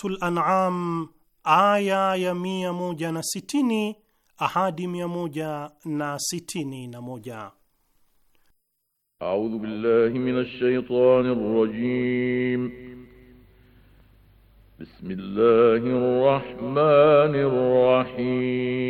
Suratul An'am aya ya mia moja na sitini ahadi mia moja na sitini na moja. A'udhu billahi minash shaitanir rajim. Bismillahir rahmanir rahim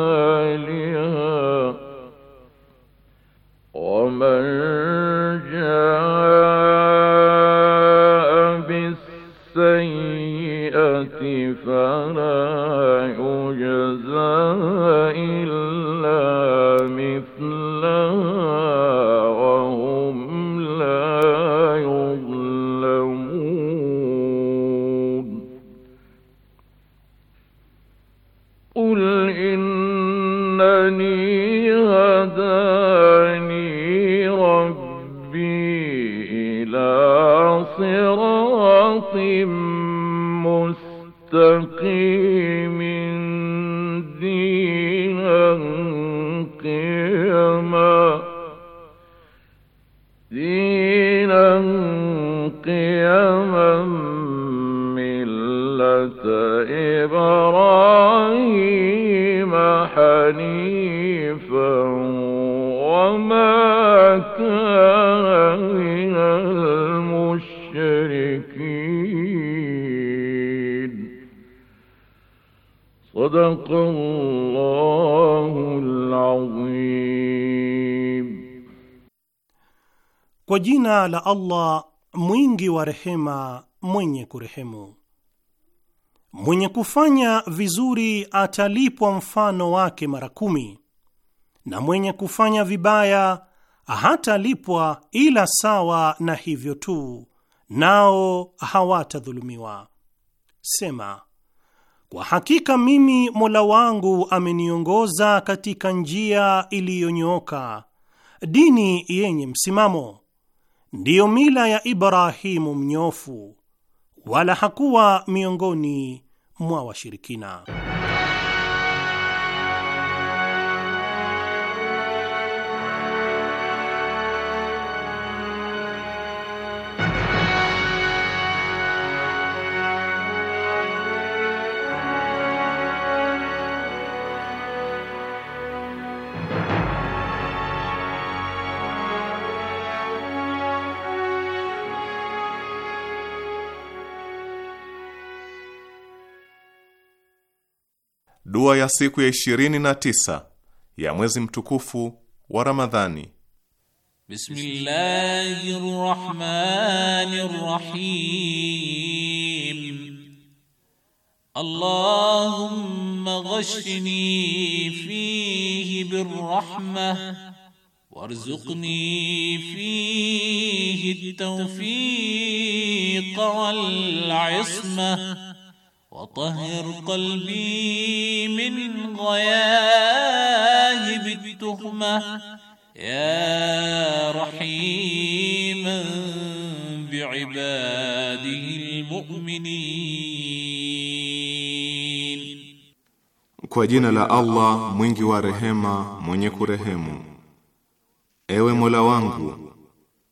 jina la Allah mwingi wa rehema, mwenye kurehemu. Mwenye kufanya vizuri atalipwa mfano wake mara kumi, na mwenye kufanya vibaya hatalipwa ila sawa na hivyo tu, nao hawatadhulumiwa. Sema, kwa hakika mimi Mola wangu ameniongoza katika njia iliyonyooka, dini yenye msimamo ndiyo mila ya Ibrahimu mnyofu, wala hakuwa miongoni mwa washirikina. dua ya siku ya ishirini na tisa ya mwezi mtukufu wa Ramadhani. Bismillahir Rahmanir Rahim. Allahumma ghashni fihi birrahma warzuqni fihi at-tawfiq wal 'ismah وطهر قلبي من غياهب التهمة يا رحيما بعباده المؤمنين Kwa jina la Allah mwingi wa rehema mwenye kurehemu Ewe Mola wangu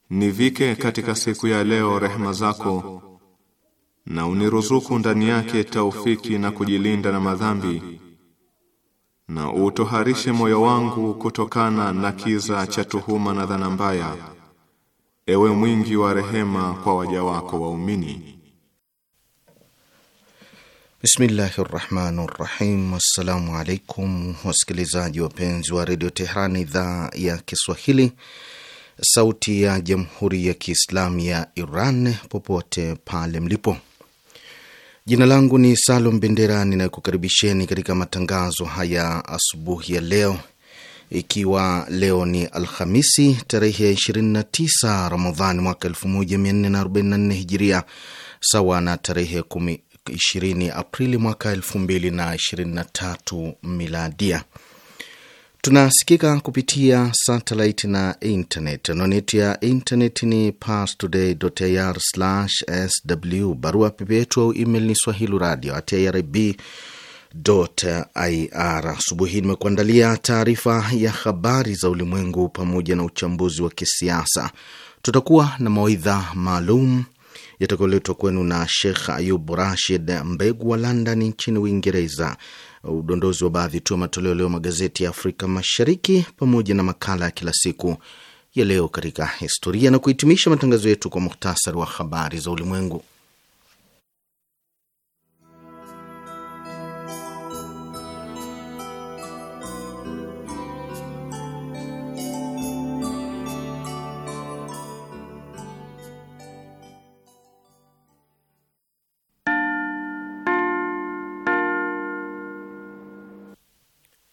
nivike katika siku ya leo rehema zako na uniruzuku ndani yake taufiki na kujilinda na madhambi na utoharishe moyo wangu kutokana na kiza cha tuhuma na dhana mbaya ewe mwingi wa rehema kwa waja wako waumini Bismillahi rahmani rahim. Assalamu alaikum wasikilizaji wapenzi wa redio Tehran, idhaa ya Kiswahili, sauti ya jamhuri ya kiislamu ya Iran, popote pale mlipo. Jina langu ni Salum Bendera, ninakukaribisheni katika matangazo haya asubuhi ya leo, ikiwa leo ni Alhamisi tarehe ya 29 Ramadhani mwaka 1444 Hijiria, sawa na tarehe 20 Aprili mwaka 2023 Miladia. Tunasikika kupitia satelit na internet. Anwani yetu ya internet ni parstoday.ir/sw, barua pepe yetu au email ni swahili radio at irib.ir. Asubuhi nimekuandalia taarifa ya habari za ulimwengu pamoja na uchambuzi wa kisiasa. Tutakuwa na mawaidha maalum yatakayoletwa kwenu na Shekh Ayub Rashid Mbegu wa London nchini Uingereza udondozi wa baadhi tu ya matoleo leo magazeti ya Afrika Mashariki, pamoja na makala ya kila siku ya leo katika historia, na kuhitimisha matangazo yetu kwa muhtasari wa habari za ulimwengu.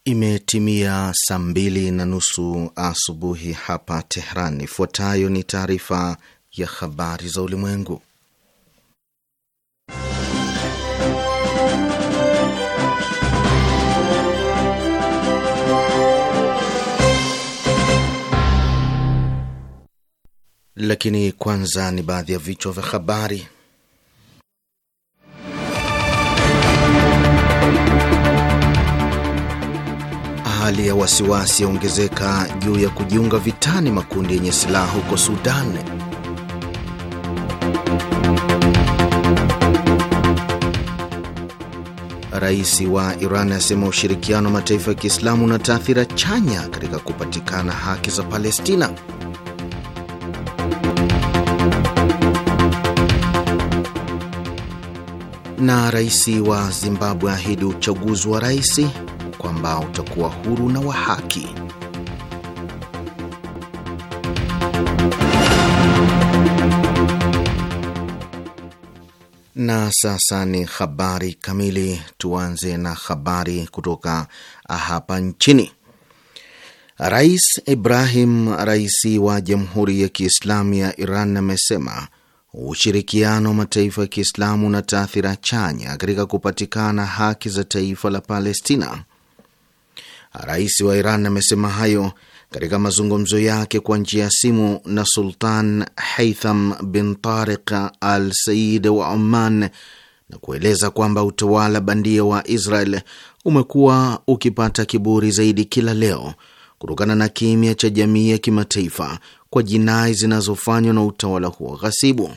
Imetimia saa mbili na nusu asubuhi hapa Tehran. Ifuatayo ni taarifa ya habari za ulimwengu, lakini kwanza ni baadhi ya vichwa vya habari. Hali ya wasiwasi yaongezeka juu ya kujiunga vitani makundi yenye silaha huko Sudan. Rais wa Iran asema ushirikiano wa mataifa ya Kiislamu una taathira chanya katika kupatikana haki za Palestina. Na rais wa Zimbabwe ahidi uchaguzi wa rais kwamba utakuwa huru na wa haki. Na sasa ni habari kamili. Tuanze na habari kutoka hapa nchini. Rais Ibrahim Raisi wa Jamhuri ya Kiislamu ya Iran amesema ushirikiano wa mataifa ya Kiislamu na taathira chanya katika kupatikana haki za taifa la Palestina. Rais wa Iran amesema hayo katika mazungumzo yake kwa njia ya simu na Sultan Haitham bin Tariq Al Said wa Oman na kueleza kwamba utawala bandia wa Israel umekuwa ukipata kiburi zaidi kila leo kutokana na kimya cha jamii ya kimataifa kwa jinai zinazofanywa na utawala huo ghasibu.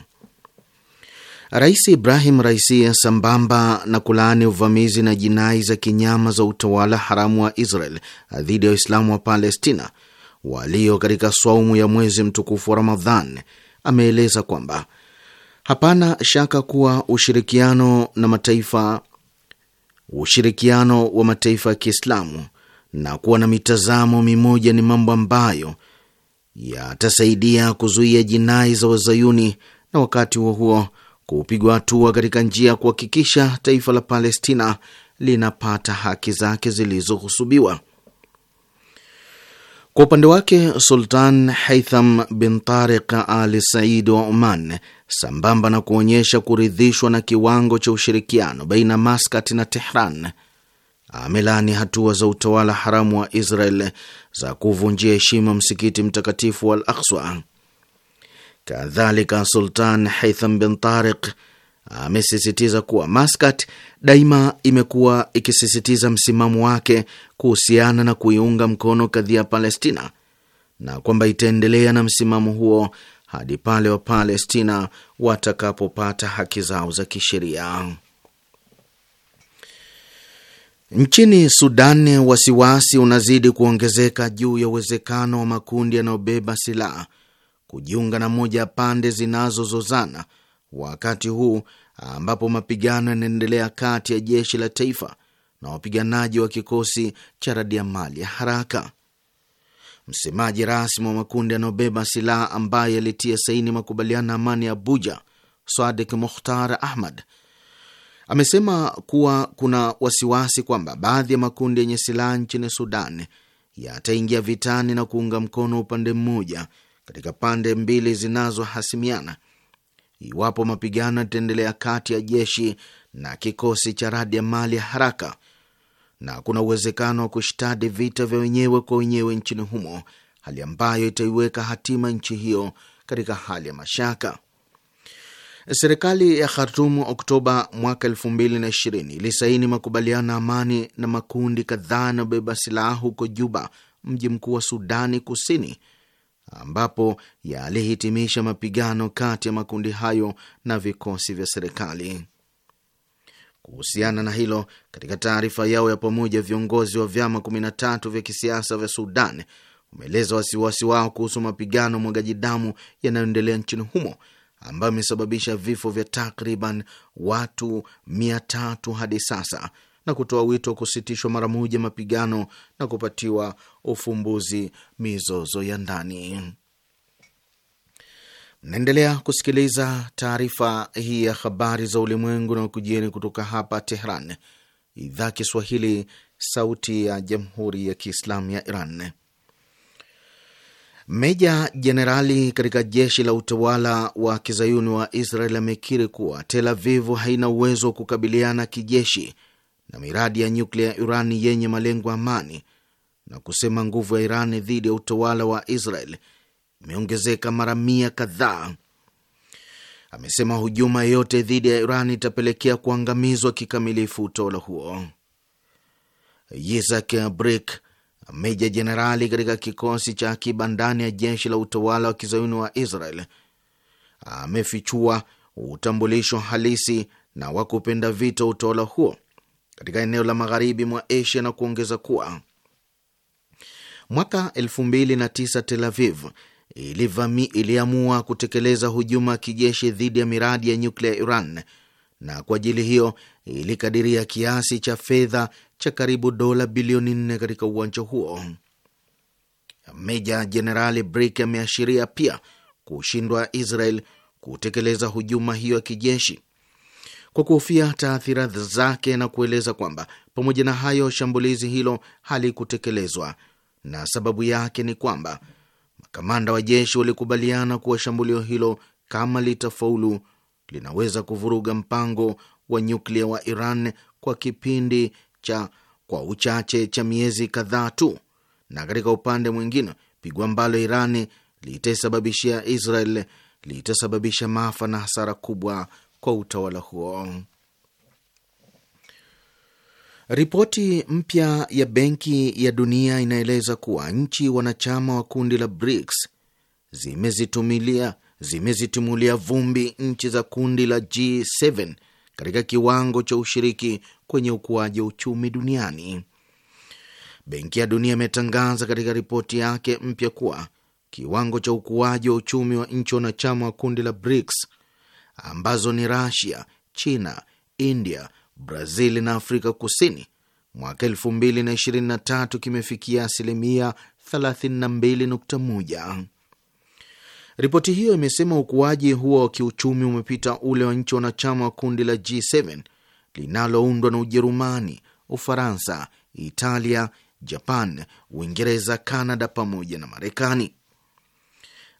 Rais Ibrahim Raisi, sambamba na kulaani uvamizi na jinai za kinyama za utawala haramu wa Israel dhidi ya Waislamu wa Palestina walio katika swaumu ya mwezi mtukufu wa Ramadhan, ameeleza kwamba hapana shaka kuwa ushirikiano na mataifa ushirikiano wa mataifa ya Kiislamu na kuwa na mitazamo mimoja ni mambo ambayo yatasaidia kuzuia jinai za Wazayuni na wakati huo huo kupigwa hatua katika njia ya kuhakikisha taifa la Palestina linapata haki zake zilizohusubiwa. Kwa upande wake Sultan Haitham bin Tariq Al Said wa Oman, sambamba na kuonyesha kuridhishwa na kiwango cha ushirikiano baina ya Maskat na Tehran, amelani hatua za utawala haramu wa Israel za kuvunjia heshima msikiti mtakatifu wa Al Akswa. Kadhalika, Sultan Haitham bin Tarik amesisitiza kuwa Maskat daima imekuwa ikisisitiza msimamo wake kuhusiana na kuiunga mkono kadhia Palestina na kwamba itaendelea na msimamo huo hadi pale Wapalestina watakapopata haki zao za kisheria. Nchini Sudan, wasiwasi unazidi kuongezeka juu ya uwezekano wa makundi yanayobeba silaha kujiunga na moja ya pande zinazozozana, wakati huu ambapo mapigano yanaendelea kati ya jeshi la taifa na wapiganaji wa kikosi cha radiamali ya haraka. Msemaji rasmi wa makundi yanayobeba silaha ambaye yalitia saini makubaliano ya amani ya Abuja, Swadik Mukhtar Ahmad, amesema kuwa kuna wasiwasi kwamba baadhi ya makundi yenye silaha nchini Sudan yataingia vitani na kuunga mkono upande mmoja katika pande mbili zinazohasimiana iwapo mapigano yataendelea kati ya jeshi na kikosi cha radi ya mali ya haraka, na kuna uwezekano wa kushtadi vita vya wenyewe kwa wenyewe nchini humo, hali ambayo itaiweka hatima nchi hiyo katika hali ya mashaka. Serikali ya Khartum Oktoba mwaka elfu mbili na ishirini ilisaini makubaliano ya amani na makundi kadhaa yanayobeba silaha huko Juba, mji mkuu wa Sudani Kusini, ambapo yalihitimisha mapigano kati ya makundi hayo na vikosi vya serikali. Kuhusiana na hilo, katika taarifa yao ya pamoja, viongozi wa vyama 13 vya kisiasa vya Sudan umeeleza wasiwasi wao kuhusu mapigano mwagaji damu yanayoendelea nchini humo ambayo imesababisha vifo vya takriban watu 3 hadi sasa na kutoa wito wa kusitishwa mara moja mapigano na kupatiwa ufumbuzi mizozo ya ndani. Mnaendelea kusikiliza taarifa hii ya habari za ulimwengu na ukujieni kutoka hapa Tehran, idhaa Kiswahili, sauti ya jamhuri ya kiislamu ya Iran. Meja jenerali katika jeshi la utawala wa kizayuni wa Israel amekiri kuwa Tel Avivu haina uwezo wa kukabiliana kijeshi na miradi ya nyuklia ya Iran yenye malengo ya amani na kusema nguvu ya Iran dhidi ya utawala wa Israel imeongezeka mara mia kadhaa. Amesema hujuma yeyote dhidi ya Iran itapelekea kuangamizwa kikamilifu utawala huo. Yitzhak Brik, meja jenerali katika kikosi cha akiba ndani ya jeshi la utawala wa kizayuni wa Israel, amefichua utambulisho halisi na wa kupenda vita utawala huo katika eneo la magharibi mwa Asia na kuongeza kuwa mwaka 2009 Tel Aviv ilivami, iliamua kutekeleza hujuma ya kijeshi dhidi ya miradi ya nyuklia ya Iran na kwa ajili hiyo ilikadiria kiasi cha fedha cha karibu dola bilioni nne katika uwanja huo. Meja Jenerali Brik ameashiria pia kushindwa Israel kutekeleza hujuma hiyo ya kijeshi kwa kuhofia taathira zake na kueleza kwamba pamoja na hayo shambulizi hilo halikutekelezwa na sababu yake ni kwamba makamanda wa jeshi walikubaliana kuwa shambulio hilo kama litafaulu, linaweza kuvuruga mpango wa nyuklia wa Iran kwa kipindi cha kwa uchache cha miezi kadhaa tu, na katika upande mwingine pigwa ambalo iran litasababishia Israel litasababisha maafa na hasara kubwa kwa utawala huo. Ripoti mpya ya Benki ya Dunia inaeleza kuwa nchi wanachama wa kundi la BRICS zimezitumilia zimezitimulia vumbi nchi za kundi la G7 katika kiwango cha ushiriki kwenye ukuaji wa uchumi duniani. Benki ya Dunia imetangaza katika ripoti yake mpya kuwa kiwango cha ukuaji wa uchumi wa nchi wanachama wa kundi la BRICS ambazo ni Rasia, China, India, Brazil na Afrika Kusini mwaka 223 kimefikia asilimia 32.1. Ripoti hiyo imesema ukuaji huo wa kiuchumi umepita ule wa nchi wanachama wa kundi la G7 linaloundwa na Ujerumani, Ufaransa, Italia, Japan, Uingereza, canada pamoja na Marekani.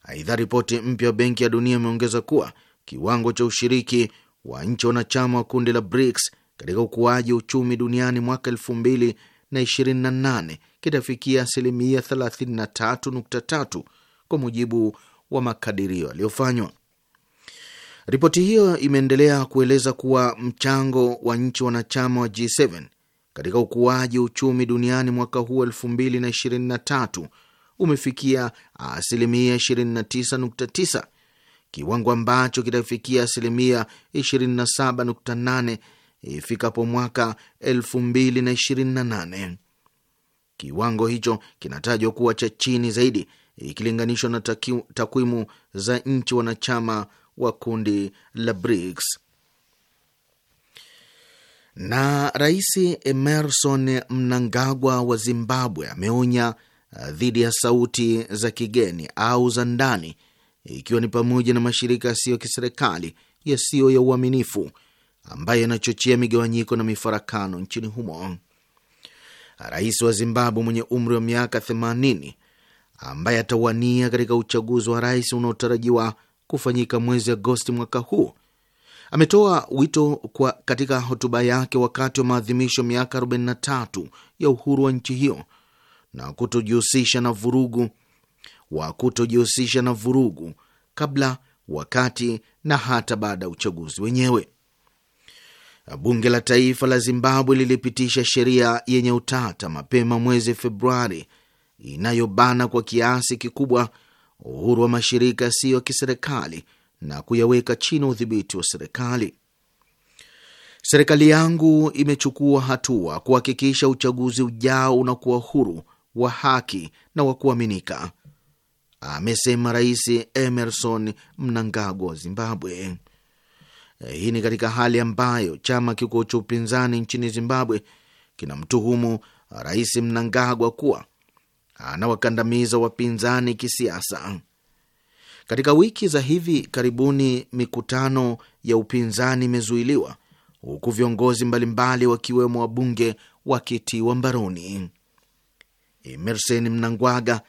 Aidha, ripoti mpya ya Benki ya Dunia imeongeza kuwa kiwango cha ushiriki wa nchi wanachama wa kundi la BRICS katika ukuaji wa uchumi duniani mwaka 2028 kitafikia asilimia 33.3 kwa mujibu wa makadirio yaliyofanywa. Ripoti hiyo imeendelea kueleza kuwa mchango wa nchi wanachama wa G7 katika ukuaji wa uchumi duniani mwaka huu 2023 umefikia asilimia 29.9 kiwango ambacho kitafikia asilimia 27.8 ifikapo mwaka 2028. Kiwango hicho kinatajwa kuwa cha chini zaidi ikilinganishwa na takwimu za nchi wanachama wa kundi la BRICS. Na Rais Emerson Mnangagwa wa Zimbabwe ameonya uh, dhidi ya sauti za kigeni au za ndani ikiwa ni pamoja na mashirika yasiyo kiserikali yasiyo ya uaminifu ambayo yanachochea migawanyiko na mifarakano nchini humo. Rais wa Zimbabwe mwenye umri wa miaka 80 ambaye atawania katika uchaguzi wa rais unaotarajiwa kufanyika mwezi Agosti mwaka huu ametoa wito kwa katika hotuba yake wakati wa maadhimisho miaka 43 ya uhuru wa nchi hiyo na kutojihusisha na vurugu wa kutojihusisha na vurugu kabla, wakati na hata baada ya uchaguzi wenyewe. Bunge la Taifa la Zimbabwe lilipitisha sheria yenye utata mapema mwezi Februari inayobana kwa kiasi kikubwa uhuru wa mashirika yasiyo ya kiserikali na kuyaweka chini udhibiti wa serikali. Serikali yangu imechukua hatua kuhakikisha uchaguzi ujao unakuwa huru, wa haki na wa kuaminika, amesema Rais Emerson Mnangagwa wa Zimbabwe. Eh, hii ni katika hali ambayo chama kikuu cha upinzani nchini Zimbabwe kinamtuhumu Rais Mnangagwa kuwa anawakandamiza wapinzani kisiasa. Katika wiki za hivi karibuni, mikutano ya upinzani imezuiliwa huku viongozi mbalimbali wakiwemo wabunge wakitiwa mbaroni. Emerson Mnangagwa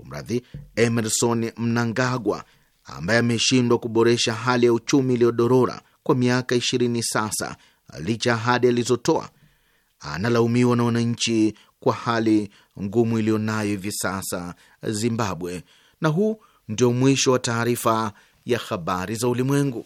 kumradhi, Emerson Mnangagwa ambaye ameshindwa kuboresha hali ya uchumi iliyodorora kwa miaka ishirini sasa, licha ya ahadi alizotoa, analaumiwa na wananchi kwa hali ngumu iliyonayo hivi sasa Zimbabwe. Na huu ndio mwisho wa taarifa ya habari za ulimwengu.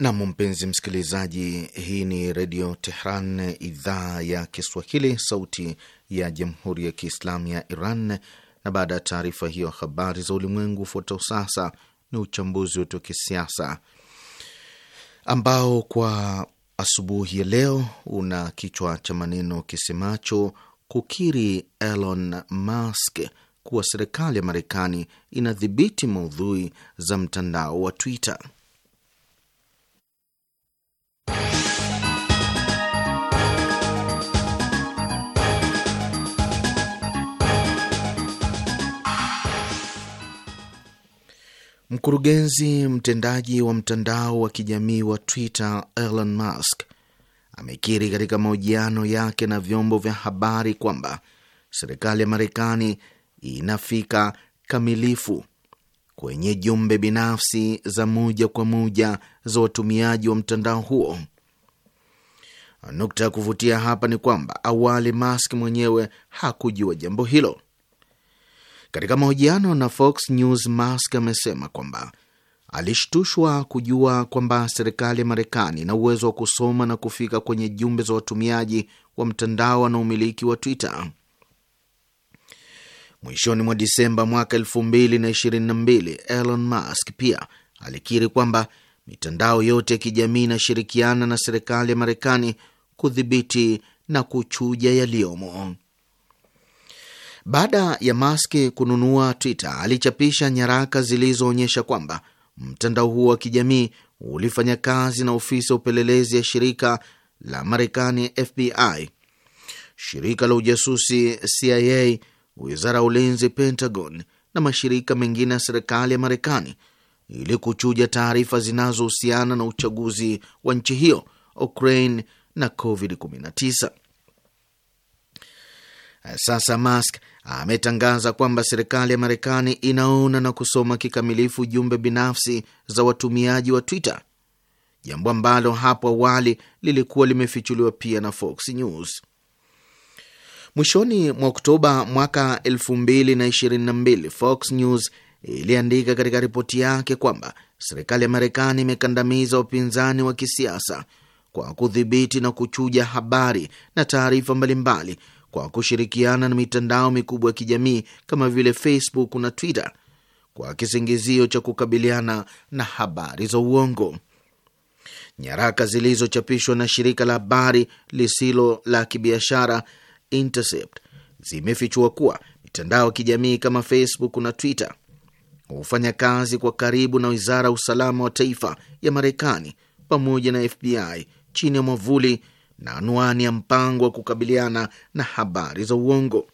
Nam, mpenzi msikilizaji, hii ni Redio Tehran, idhaa ya Kiswahili, sauti ya Jamhuri ya Kiislamu ya Iran. Na baada ya taarifa hiyo habari za ulimwengu, ufuatao sasa ni uchambuzi wetu wa kisiasa ambao kwa asubuhi ya leo una kichwa cha maneno kisemacho kukiri Elon Musk kuwa serikali ya Marekani inadhibiti maudhui za mtandao wa Twitter. Mkurugenzi mtendaji wa mtandao wa kijamii wa Twitter Elon Musk amekiri katika mahojiano yake na vyombo vya habari kwamba serikali ya Marekani inafika kamilifu kwenye jumbe binafsi za moja kwa moja za watumiaji wa mtandao huo. Nukta ya kuvutia hapa ni kwamba awali Musk mwenyewe hakujua jambo hilo. Katika mahojiano na Fox News, Musk amesema kwamba alishtushwa kujua kwamba serikali ya Marekani ina uwezo wa kusoma na kufika kwenye jumbe za watumiaji wa mtandao na umiliki wa Twitter. Mwishoni mwa Disemba mwaka 222 Elon Musk pia alikiri kwamba mitandao yote ya kijamii inashirikiana na serikali ya Marekani kudhibiti na kuchuja yaliyomo. Baada ya Musk kununua Twitter, alichapisha nyaraka zilizoonyesha kwamba mtandao huo wa kijamii ulifanya kazi na ofisi ya upelelezi ya shirika la Marekani FBI, shirika la ujasusi CIA, wizara ya ulinzi Pentagon na mashirika mengine ya serikali ya Marekani ili kuchuja taarifa zinazohusiana na uchaguzi wa nchi hiyo, Ukraine na COVID-19. Sasa Musk ametangaza kwamba serikali ya Marekani inaona na kusoma kikamilifu jumbe binafsi za watumiaji wa Twitter, jambo ambalo hapo awali lilikuwa limefichuliwa pia na Fox News. Mwishoni mwa Oktoba mwaka 2022 Fox News iliandika katika ripoti yake kwamba serikali ya Marekani imekandamiza upinzani wa kisiasa kwa kudhibiti na kuchuja habari na taarifa mbalimbali kwa kushirikiana na mitandao mikubwa ya kijamii kama vile Facebook na Twitter kwa kisingizio cha kukabiliana na habari za uongo. Nyaraka zilizochapishwa na shirika la habari lisilo la kibiashara Intercept zimefichua kuwa mitandao ya kijamii kama Facebook na Twitter hufanya kazi kwa karibu na wizara ya usalama wa taifa ya Marekani pamoja na FBI chini ya mwavuli na anwani ya mpango wa kukabiliana na habari za uongo.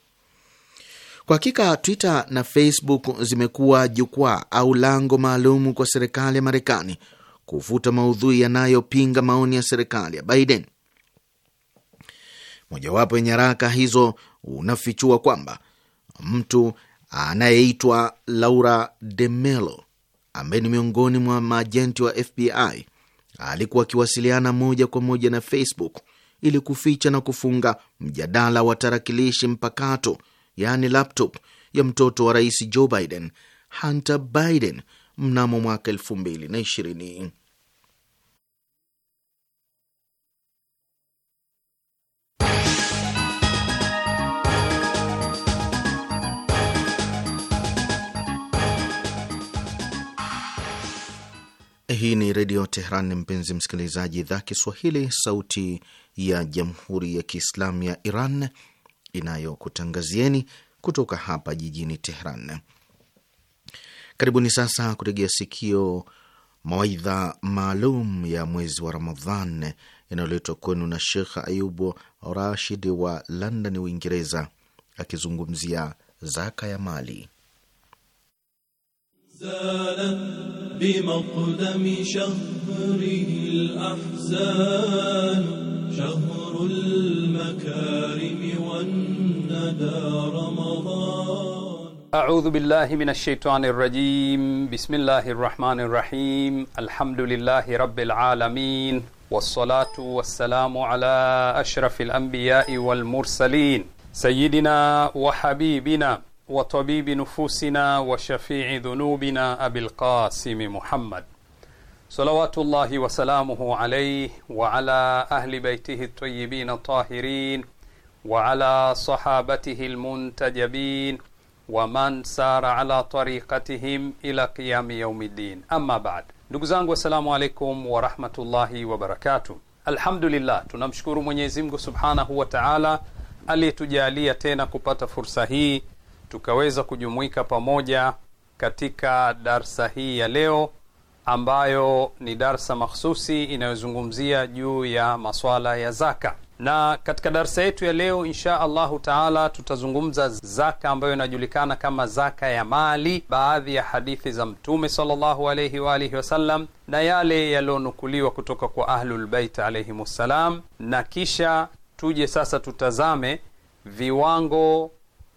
Kwa hakika Twitter na Facebook zimekuwa jukwaa au lango maalumu kwa serikali ya Marekani kufuta maudhui yanayopinga maoni ya serikali ya Biden. Mojawapo ya nyaraka hizo unafichua kwamba mtu anayeitwa Laura de Melo ambaye ni miongoni mwa maajenti wa FBI alikuwa akiwasiliana moja kwa moja na Facebook ili kuficha na kufunga mjadala wa tarakilishi mpakato, yaani laptop, ya mtoto wa rais Joe Biden, Hunter Biden, mnamo mwaka elfu mbili na ishirini. Hii ni Redio Teheran, mpenzi msikilizaji, idhaa Kiswahili, sauti ya Jamhuri ya Kiislamu ya Iran inayokutangazieni kutoka hapa jijini Tehran. Karibuni sasa kutegea sikio mawaidha maalum ya mwezi wa Ramadhan yanayoletwa kwenu na Shekh Ayubu Rashid wa London, Uingereza, akizungumzia zaka ya mali. شهر المكارم والندى رمضان أعوذ بالله من الشيطان الرجيم بسم الله الرحمن الرحيم الحمد لله رب العالمين والصلاة والسلام على أشرف الأنبياء والمرسلين سيدنا وحبيبنا وطبيب نفوسنا وشفيع ذنوبنا أبي القاسم محمد salawatullahi wasalamuhu alayhi wa ala ahli baitihi tayyibin tahirin wa sahabatihi almuntajabin wa sara ala tariqatihim ila qiyami yaumiddin. Amma baad, ndugu zangu, assalamu alaikum wa rahmatullahi Alhamdulillah, tunamshukuru Mwenyezi subhanahu wa taala aliyetujalia tena kupata fursa hii tukaweza kujumuika pamoja katika darsa hii ya leo ambayo ni darsa mahsusi inayozungumzia juu ya maswala ya zaka, na katika darsa yetu ya leo insha allahu taala tutazungumza zaka ambayo inajulikana kama zaka ya mali, baadhi ya hadithi za Mtume sallallahu alaihi wasallam na yale yaliyonukuliwa kutoka kwa Ahlulbeit alaihim wassalam na kisha tuje sasa tutazame viwango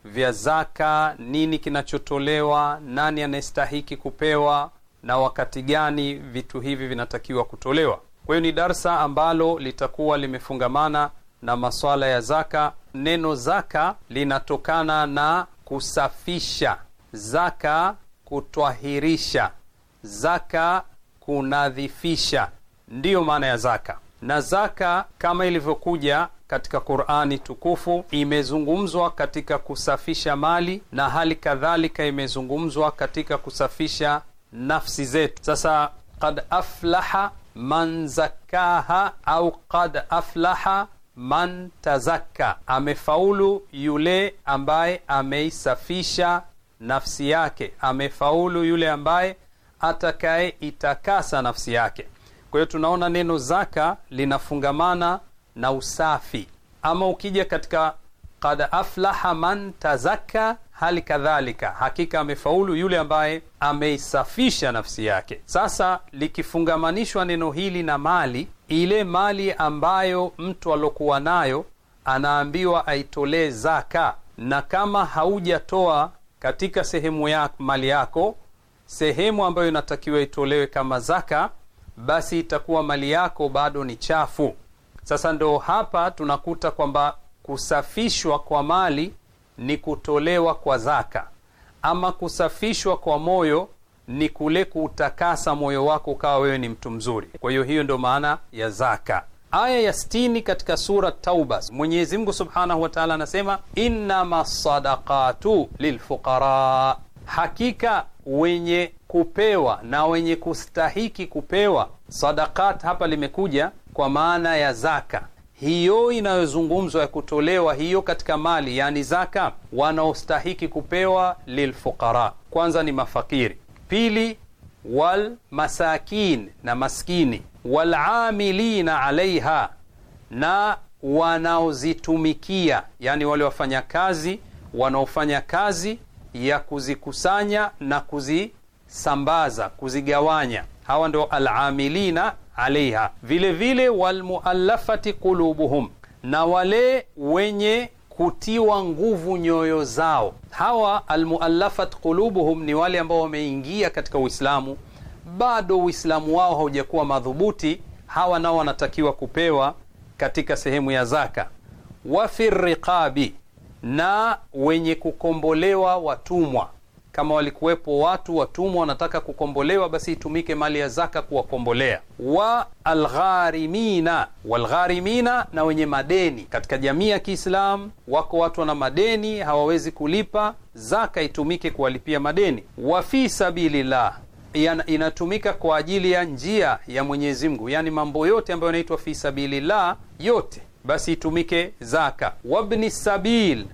vya zaka, nini kinachotolewa, nani anayestahiki kupewa na wakati gani vitu hivi vinatakiwa kutolewa. Kwa hiyo ni darsa ambalo litakuwa limefungamana na maswala ya zaka. Neno zaka linatokana na kusafisha, zaka kutwahirisha, zaka kunadhifisha, ndiyo maana ya zaka. Na zaka kama ilivyokuja katika Qur'ani tukufu imezungumzwa katika kusafisha mali na hali kadhalika imezungumzwa katika kusafisha nafsi zetu. Sasa qad aflaha man zakaha au qad aflaha man tazakka, amefaulu yule ambaye ameisafisha nafsi yake, amefaulu yule ambaye atakaye itakasa nafsi yake. Kwa hiyo tunaona neno zaka linafungamana na usafi. Ama ukija katika qad aflaha man tazakka hali kadhalika, hakika amefaulu yule ambaye ameisafisha nafsi yake. Sasa likifungamanishwa neno hili na mali, ile mali ambayo mtu alokuwa nayo anaambiwa aitolee zaka, na kama haujatoa katika sehemu ya mali yako sehemu ambayo inatakiwa itolewe kama zaka, basi itakuwa mali yako bado ni chafu. Sasa ndo hapa tunakuta kwamba kusafishwa kwa mali ni kutolewa kwa zaka, ama kusafishwa kwa moyo ni kule kuutakasa moyo wako ukawa wewe ni mtu mzuri. Kwa hiyo hiyo ndio maana ya zaka. Aya ya sitini katika sura Tauba, Mwenyezi Mungu subhanahu wa taala anasema innama sadakatu lilfuqara, hakika wenye kupewa na wenye kustahiki kupewa. sadakat hapa limekuja kwa maana ya zaka hiyo inayozungumzwa ya kutolewa hiyo katika mali, yani zaka, wanaostahiki kupewa lilfuqara, kwanza ni mafakiri, pili walmasakin na maskini, walamilina alaiha, na wanaozitumikia, yani wale wafanyakazi wanaofanya kazi ya kuzikusanya na kuzisambaza, kuzigawanya. Hawa ndio alamilina alaiha, vilevile walmuallafati qulubuhum, na wale wenye kutiwa nguvu nyoyo zao. Hawa almuallafat qulubuhum ni wale ambao wameingia katika Uislamu, bado Uislamu wao haujakuwa madhubuti. Hawa nao wanatakiwa kupewa katika sehemu ya zaka. Wafi riqabi, na wenye kukombolewa watumwa kama walikuwepo watu watumwa wanataka kukombolewa, basi itumike mali ya zaka kuwakombolea. wa algharimina walgharimina, na wenye madeni katika jamii ya Kiislamu wako watu wana madeni hawawezi kulipa, zaka itumike kuwalipia madeni. wa fi sabilillah inatumika kwa ajili ya njia ya Mwenyezi Mungu, yani mambo yote ambayo yanaitwa fi sabilillah yote, basi itumike zaka. wabni sabil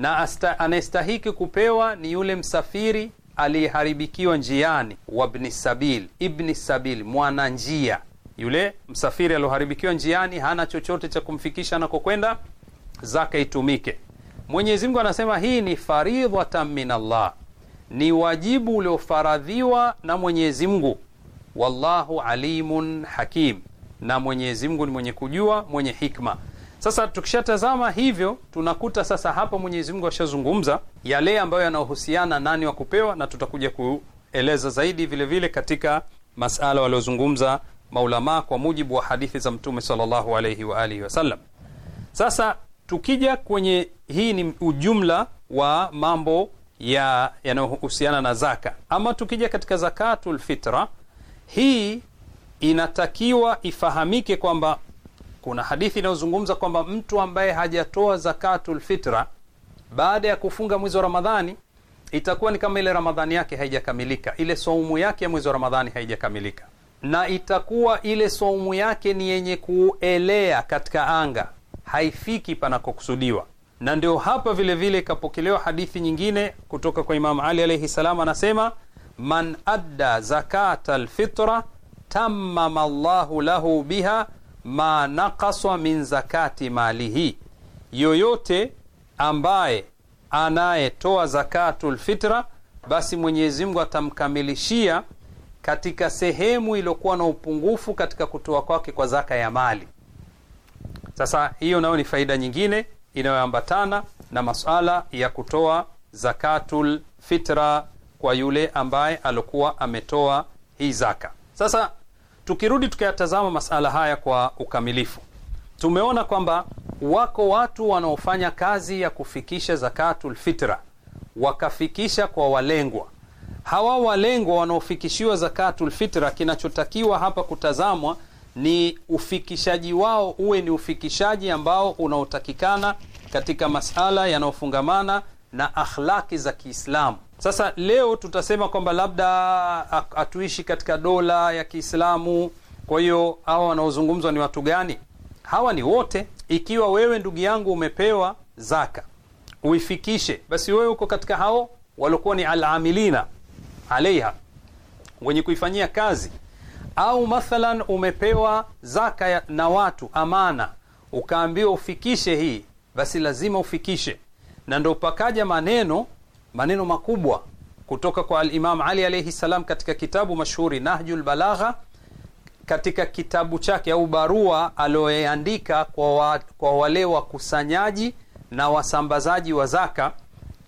na anayestahiki kupewa ni yule msafiri aliyeharibikiwa njiani, wabni sabil, ibni sabil, mwana njia. Yule msafiri alioharibikiwa njiani hana chochote cha kumfikisha anakokwenda, zaka itumike. Mwenyezi Mungu anasema hii ni faridhatan min Allah, ni wajibu uliofaradhiwa na Mwenyezi Mungu. Wallahu alimun hakim, na Mwenyezi Mungu ni mwenye kujua, mwenye hikma. Sasa tukishatazama hivyo, tunakuta sasa hapa Mwenyezi Mungu ashazungumza yale ambayo yanahusiana nani wa kupewa, na tutakuja kueleza zaidi vile vile katika masala waliozungumza maulamaa kwa mujibu wa hadithi za Mtume sallallahu alayhi wa alihi wasallam. Sasa tukija kwenye hii, ni ujumla wa mambo ya yanayohusiana na zaka. Ama tukija katika zakatulfitra hii inatakiwa ifahamike kwamba kuna hadithi inayozungumza kwamba mtu ambaye hajatoa zakatul fitra baada ya kufunga mwezi wa Ramadhani itakuwa ni kama ile Ramadhani yake haijakamilika, ile saumu yake ya mwezi wa Ramadhani haijakamilika, na itakuwa ile saumu yake ni yenye kuelea katika anga, haifiki panakokusudiwa. Na ndio hapa vilevile ikapokelewa vile hadithi nyingine kutoka kwa Imamu Ali alaihi salam, anasema man adda zakata lfitra tamama llahu lahu biha ma nakaswa min zakati malihi, yoyote ambaye anayetoa zakatu fitra, basi Mwenyezi Mungu atamkamilishia katika sehemu iliyokuwa na upungufu katika kutoa kwake kwa zaka ya mali. Sasa hiyo nayo ni faida nyingine inayoambatana na masuala ya kutoa zakatulfitra kwa yule ambaye alikuwa ametoa hii zaka. Sasa Tukirudi tukayatazama masala haya kwa ukamilifu, tumeona kwamba wako watu wanaofanya kazi ya kufikisha zakatulfitra wakafikisha kwa walengwa. Hawa walengwa wanaofikishiwa zakatulfitra kinachotakiwa hapa kutazamwa ni ufikishaji wao uwe ni ufikishaji ambao unaotakikana katika masala yanayofungamana na akhlaki za Kiislamu. Sasa leo tutasema kwamba labda hatuishi katika dola ya Kiislamu, kwa hiyo hawa wanaozungumzwa ni watu gani? Hawa ni wote. Ikiwa wewe ndugu yangu umepewa zaka uifikishe, basi wewe uko katika hao waliokuwa ni alamilina aleiha wenye kuifanyia kazi. Au mathalan umepewa zaka na watu amana, ukaambiwa ufikishe hii, basi lazima ufikishe, na ndo pakaja maneno maneno makubwa kutoka kwa Alimam Ali alaihi salam katika kitabu mashuhuri Nahju lbalagha, katika kitabu chake au barua aliyoandika kwa, wa, kwa wale wakusanyaji na wasambazaji wa zaka,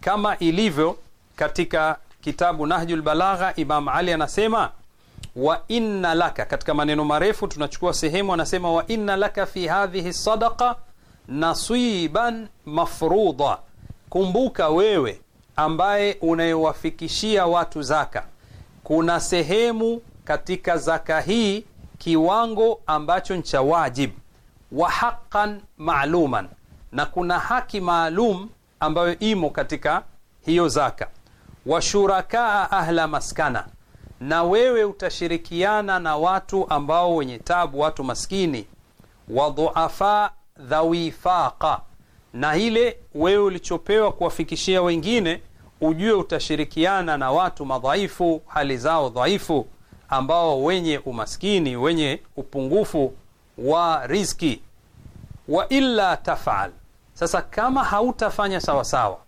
kama ilivyo katika kitabu Nahju lbalagha, Imam Ali anasema wa inna laka, katika maneno marefu tunachukua sehemu, anasema wa inna laka fi hadhihi sadaqa nasiban mafruda, kumbuka wewe ambaye unayowafikishia watu zaka, kuna sehemu katika zaka hii kiwango ambacho ni cha wajib wa haqan maaluman, na kuna haki maalum ambayo imo katika hiyo zaka. Washurakaa ahla maskana, na wewe utashirikiana na watu ambao wenye tabu, watu maskini. Wadhuafa dhawifaqa na ile wewe ulichopewa kuwafikishia wengine, ujue utashirikiana na watu madhaifu, hali zao dhaifu, ambao wenye umaskini, wenye upungufu wa riski Wa illa tafal, sasa kama hautafanya sawasawa,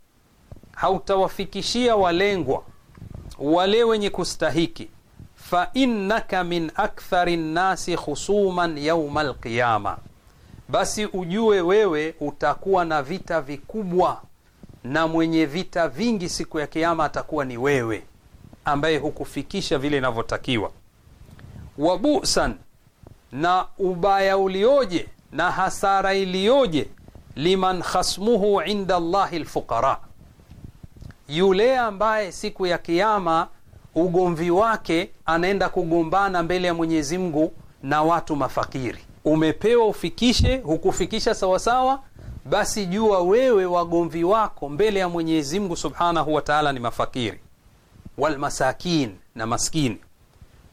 hautawafikishia walengwa wale wenye kustahiki, fa innaka min akthari nnasi khusuman yauma alqiyama basi ujue wewe utakuwa na vita vikubwa, na mwenye vita vingi siku ya Kiama atakuwa ni wewe ambaye hukufikisha vile inavyotakiwa. Wabusan, na ubaya ulioje na hasara iliyoje! Liman khasmuhu inda llahi lfuqara, yule ambaye siku ya Kiama ugomvi wake anaenda kugombana mbele ya Mwenyezi Mungu na watu mafakiri umepewa ufikishe, hukufikisha sawasawa, basi jua wewe wagomvi wako mbele ya Mwenyezi Mungu subhanahu wataala ni mafakiri walmasakin, na maskini,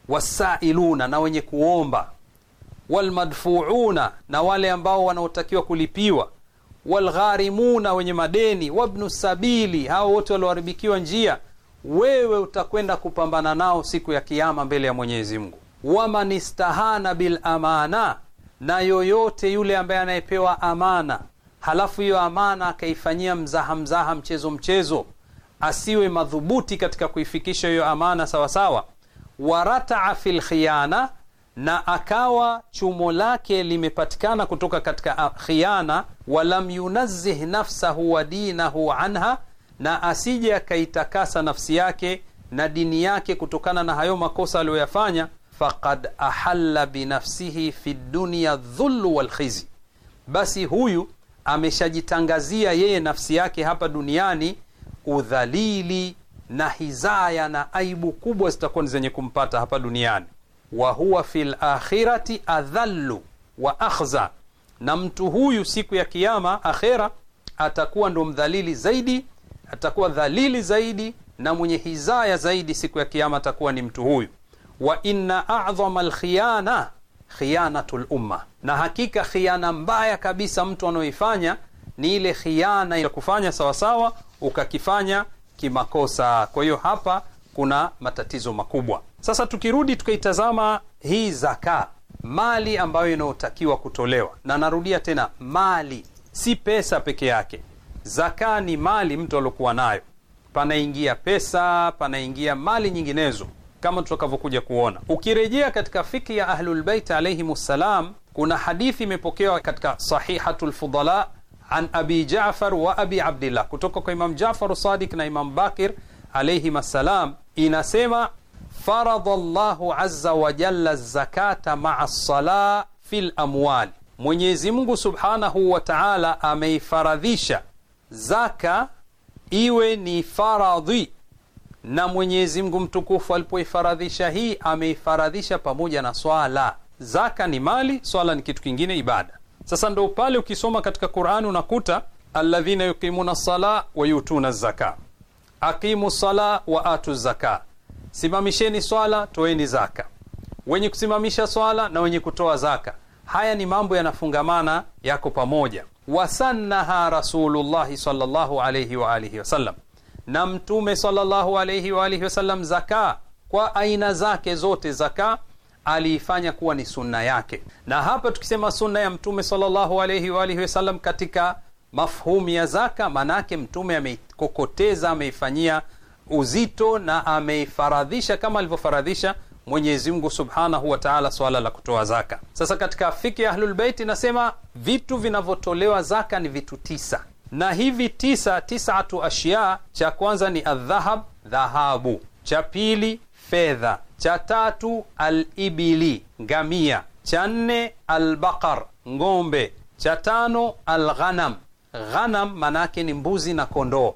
wasailuna, na wenye kuomba, walmadfuuna, na wale ambao wanaotakiwa kulipiwa, walgharimuna, wenye madeni, wabnu sabili, hao wote walioharibikiwa njia. Wewe utakwenda kupambana nao siku ya Kiama mbele ya Mwenyezi Mungu. waman istahana na yoyote yule ambaye anayepewa amana halafu hiyo amana akaifanyia mzaha mzaha, mchezo mchezo, asiwe madhubuti katika kuifikisha hiyo amana sawasawa. Warataa fi lkhiyana, na akawa chumo lake limepatikana kutoka katika khiana. Walam yunazih nafsahu wa dinahu anha, na asije akaitakasa nafsi yake na dini yake kutokana na hayo makosa aliyoyafanya faqad ahalla binafsihi fi dunya dhullu wal khizi, basi huyu ameshajitangazia yeye nafsi yake hapa duniani udhalili na hizaya na aibu kubwa zitakuwa ni zenye kumpata hapa duniani. Wa huwa fi lakhirati adhallu wa akhza, na mtu huyu siku ya Kiama, akhera, atakuwa ndo mdhalili zaidi, atakuwa dhalili zaidi na mwenye hizaya zaidi siku ya Kiama atakuwa ni mtu huyu wa inna a'dhama alkhiyana khiyanatu umma, na hakika khiana mbaya kabisa mtu anaoifanya ni ile khiana ya kufanya sawasawa ukakifanya kimakosa. Kwa hiyo hapa kuna matatizo makubwa. Sasa tukirudi tukaitazama hii zaka, mali ambayo inayotakiwa kutolewa, na narudia tena, mali si pesa peke yake. Zaka ni mali mtu aliokuwa nayo, panaingia pesa, panaingia mali nyinginezo kama tutakavyokuja kuona. Ukirejea katika fiki ya Ahlulbeit alaihim ssalam, kuna hadithi imepokewa katika Sahihatu lfudala an abi Jafar wa abi Abdillah, kutoka kwa Imam Jafar Sadiq na Imam Bakir alaihim assalam, inasema faradha llahu aza wajalla zakata maa lsala fi lamwali, Mwenyezi Mungu subhanahu wa taala ameifaradhisha zaka iwe ni faradhi na Mwenyezi Mungu mtukufu alipoifaradhisha hii, ameifaradhisha pamoja na swala. Zaka ni mali, swala ni kitu kingine, ibada. Sasa ndo pale ukisoma katika Qur'ani unakuta alladhina yuqimuna sala wa yutuna zaka, aqimu sala wa atu zaka, simamisheni swala, toeni zaka. Wenye kusimamisha swala na wenye kutoa zaka, haya ni mambo yanafungamana, yako pamoja. Wasannaha Rasulullahi sallallahu alayhi wa alihi wasallam na Mtume sallallahu alayhi wa alihi wasallam zaka kwa aina zake zote, zaka aliifanya kuwa ni sunna yake. Na hapa tukisema sunna ya Mtume sallallahu alayhi wa alihi wasallam katika mafhumu ya zaka, manake Mtume ameikokoteza, ameifanyia uzito na ameifaradhisha kama alivyofaradhisha Mwenyezi Mungu subhanahu wa taala swala la kutoa zaka. Sasa katika fiki ya Ahlulbeit inasema vitu vinavyotolewa zaka ni vitu tisa na hivi tisa, tisatu ashya, cha kwanza ni aldhahab, dhahabu, cha pili fedha, cha tatu alibili, ngamia, cha nne albaqar, ng'ombe, cha tano alghanam, ghanam manake ni mbuzi na kondoo.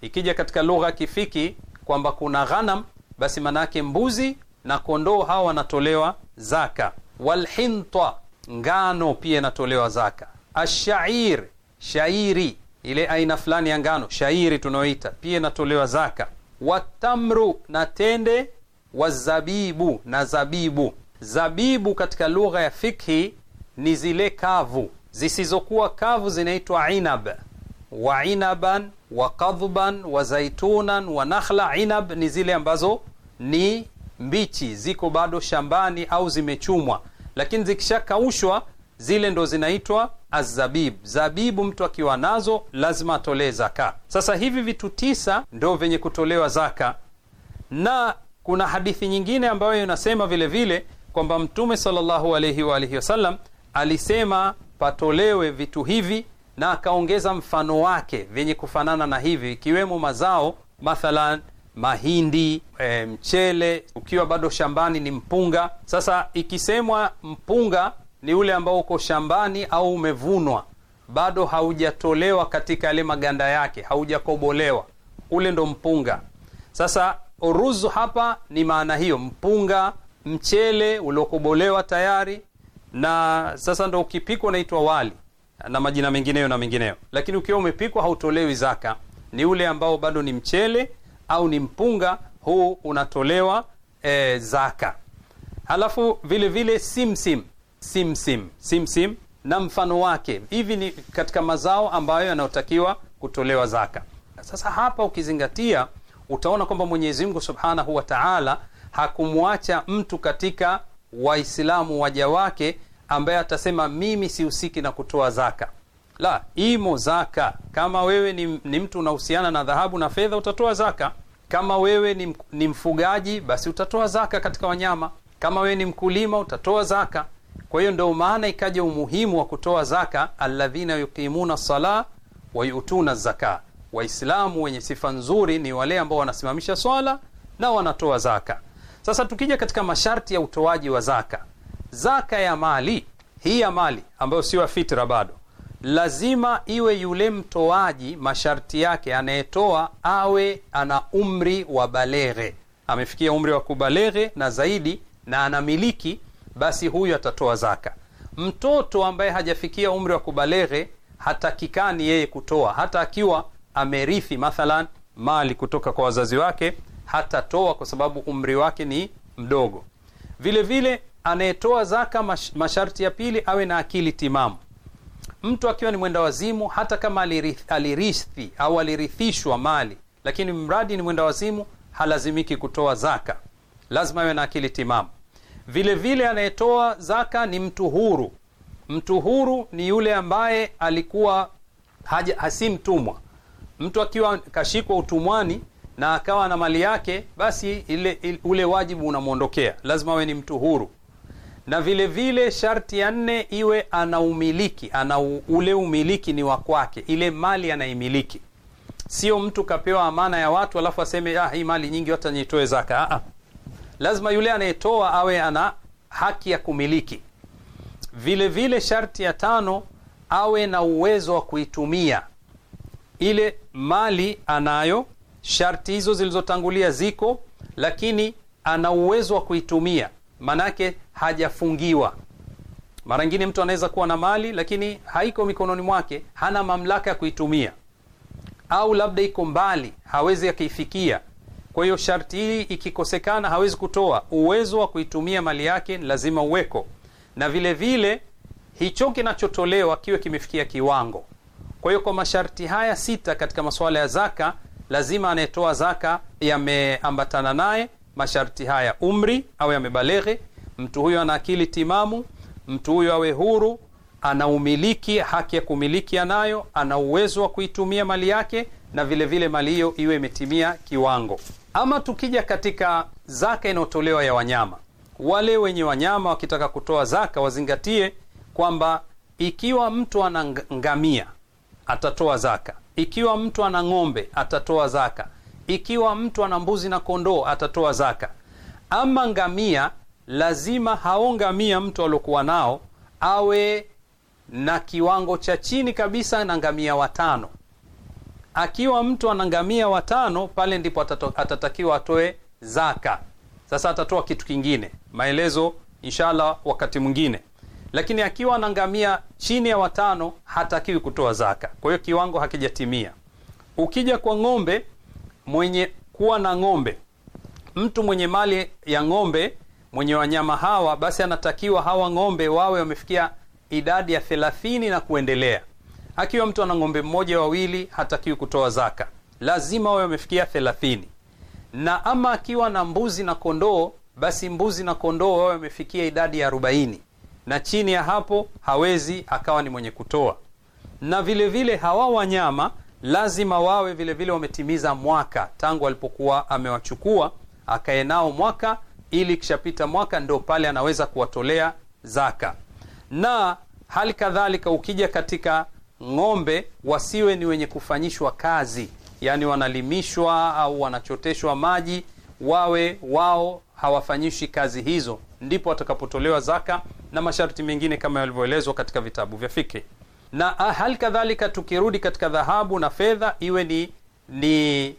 Ikija katika lugha ya kifiki kwamba kuna ghanam, basi manake mbuzi na kondoo hawa wanatolewa zaka. Walhinta, ngano pia inatolewa zaka. Ashair, shairi ile aina fulani ya ngano shairi tunaoita pia inatolewa zaka. Watamru na tende, wazabibu na zabibu. Zabibu katika lugha ya fikhi ni zile kavu, zisizokuwa kavu zinaitwa inab. Wa inaban wa kadhban wa zaitunan wa nakhla. Inab ni zile ambazo ni mbichi, ziko bado shambani au zimechumwa, lakini zikishakaushwa zile ndo zinaitwa azabib zabibu, mtu akiwa nazo lazima atolee zaka. Sasa hivi vitu tisa ndo vyenye kutolewa zaka, na kuna hadithi nyingine ambayo inasema vilevile kwamba Mtume sallallahu alaihi wa alihi wasallam alisema patolewe vitu hivi, na akaongeza mfano wake vyenye kufanana na hivi, ikiwemo mazao mathalan mahindi e, mchele ukiwa bado shambani ni mpunga. Sasa ikisemwa mpunga ni ule ambao uko shambani au umevunwa, bado haujatolewa katika yale maganda yake, haujakobolewa, ule ndo mpunga. Sasa uruzu hapa ni maana hiyo, mpunga, mchele uliokobolewa tayari, na sasa ndo ukipikwa unaitwa wali na majina mengineyo na mengineyo. Lakini ukiwa umepikwa hautolewi zaka, ni ule ambao bado ni mchele au ni mpunga, huu unatolewa e, zaka. Halafu vile vile simsim simsim simsim na mfano wake. Hivi ni katika mazao ambayo yanayotakiwa kutolewa zaka. Sasa hapa ukizingatia, utaona kwamba Mwenyezi Mungu Subhanahu wa Ta'ala hakumwacha mtu katika Waislamu waja wake ambaye atasema mimi sihusiki na kutoa zaka. La, imo zaka. Kama wewe ni, ni mtu unahusiana na dhahabu na fedha, utatoa zaka. Kama wewe ni, ni mfugaji, basi utatoa zaka katika wanyama. Kama wewe ni mkulima, utatoa zaka. Kwa hiyo ndo maana ikaja umuhimu wa kutoa zaka, alladhina yuqimuna sala wa yutuna zaka. Waislamu wenye sifa nzuri ni wale ambao wanasimamisha swala na wanatoa zaka. Sasa tukija katika masharti ya utoaji wa zaka, zaka ya mali hii ya mali ambayo sio fitra bado, lazima iwe yule mtoaji, masharti yake anayetoa awe ana umri wa baleghe, amefikia umri wa kubaleghe na zaidi, na anamiliki basi huyu atatoa zaka. Mtoto ambaye hajafikia umri wa kubaleghe hatakikani yeye kutoa, hata akiwa amerithi mathalan mali kutoka kwa wazazi wake hatatoa, kwa sababu umri wake ni mdogo. Vilevile vile anayetoa zaka, masharti ya pili, awe na akili timamu. Mtu akiwa ni mwenda wazimu, hata kama alirithi au alirithishwa mali, lakini mradi ni mwenda wazimu, halazimiki kutoa zaka. Lazima awe na akili timamu. Vile vile anayetoa zaka ni mtu huru. Mtu huru ni yule ambaye alikuwa haja, hasi mtumwa. Mtu akiwa kashikwa utumwani na akawa na mali yake, basi ile, ile, ule wajibu unamwondokea, lazima awe ni mtu huru. Na vile vile sharti ya nne iwe ana umiliki, ana ule umiliki ni wa kwake, ile mali anaimiliki, sio mtu kapewa amana ya watu alafu aseme ah, hii mali nyingi hata nitoe zaka lazima yule anayetoa awe ana haki ya kumiliki. Vile vile sharti ya tano awe na uwezo wa kuitumia ile mali anayo. Sharti hizo zilizotangulia ziko, lakini ana uwezo wa kuitumia, manake hajafungiwa. Mara nyingine mtu anaweza kuwa na mali lakini haiko mikononi mwake, hana mamlaka ya kuitumia, au labda iko mbali, hawezi akaifikia kwa hiyo sharti hili ikikosekana, hawezi kutoa. Uwezo wa kuitumia mali yake lazima uweko, na vile vile hicho kinachotolewa kiwe kimefikia kiwango. Kwa hiyo kwa masharti haya sita katika masuala ya zaka, lazima anayetoa zaka yameambatana naye masharti haya: umri awe yamebaleghe, mtu huyo ana akili timamu, mtu huyo awe huru, ana umiliki, haki ya kumiliki anayo, ana uwezo wa kuitumia mali yake, na vilevile vile mali hiyo iwe imetimia kiwango. Ama tukija katika zaka inayotolewa ya wanyama, wale wenye wanyama wakitaka kutoa zaka wazingatie kwamba ikiwa mtu ana ngamia atatoa zaka, ikiwa mtu ana ng'ombe atatoa zaka, ikiwa mtu ana mbuzi na kondoo atatoa zaka. Ama ngamia, lazima hao ngamia mtu aliokuwa nao awe na kiwango cha chini kabisa na ngamia watano akiwa mtu ana ngamia watano, pale ndipo atatakiwa atoe zaka. Sasa atatoa kitu kingine, maelezo inshallah wakati mwingine. Lakini akiwa ana ngamia chini ya watano hatakiwi kutoa zaka, kwa hiyo kiwango hakijatimia. Ukija kwa ng'ombe, mwenye kuwa na ng'ombe, mtu mwenye mali ya ng'ombe, mwenye wanyama hawa, basi anatakiwa hawa ng'ombe wawe wamefikia idadi ya thelathini na kuendelea Akiwa mtu ana ng'ombe mmoja wawili, hatakiwi kutoa zaka, lazima wawe wamefikia thelathini. Na ama akiwa na mbuzi na kondoo, basi mbuzi na kondoo wawe wamefikia idadi ya arobaini, na chini ya hapo hawezi akawa ni mwenye kutoa. Na vilevile vile hawa wanyama lazima wawe vilevile wametimiza mwaka tangu alipokuwa amewachukua akae nao mwaka, ili kishapita mwaka ndo pale anaweza kuwatolea zaka. Na hali kadhalika ukija katika ng'ombe wasiwe ni wenye kufanyishwa kazi, yani wanalimishwa au wanachoteshwa maji, wawe wao hawafanyishi kazi hizo, ndipo watakapotolewa zaka na masharti mengine kama yalivyoelezwa katika vitabu vya fiki. Na ah, hali kadhalika, tukirudi katika dhahabu na fedha, iwe ni ni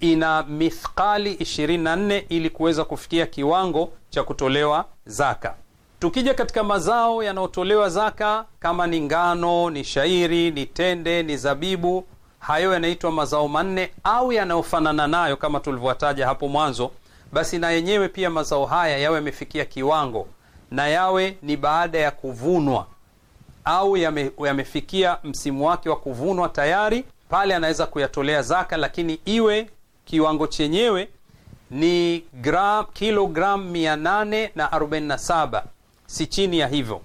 ina mithqali 24 ili kuweza kufikia kiwango cha kutolewa zaka. Tukija katika mazao yanayotolewa zaka, kama ni ngano, ni shairi, ni tende, ni zabibu, hayo yanaitwa mazao manne au yanayofanana nayo kama tulivyotaja hapo mwanzo. Basi na yenyewe pia mazao haya yawe yamefikia kiwango na yawe ni baada ya kuvunwa au yamefikia msimu wake wa kuvunwa tayari, pale anaweza kuyatolea zaka, lakini iwe kiwango chenyewe ni kilogramu 847 si chini ya hivyo,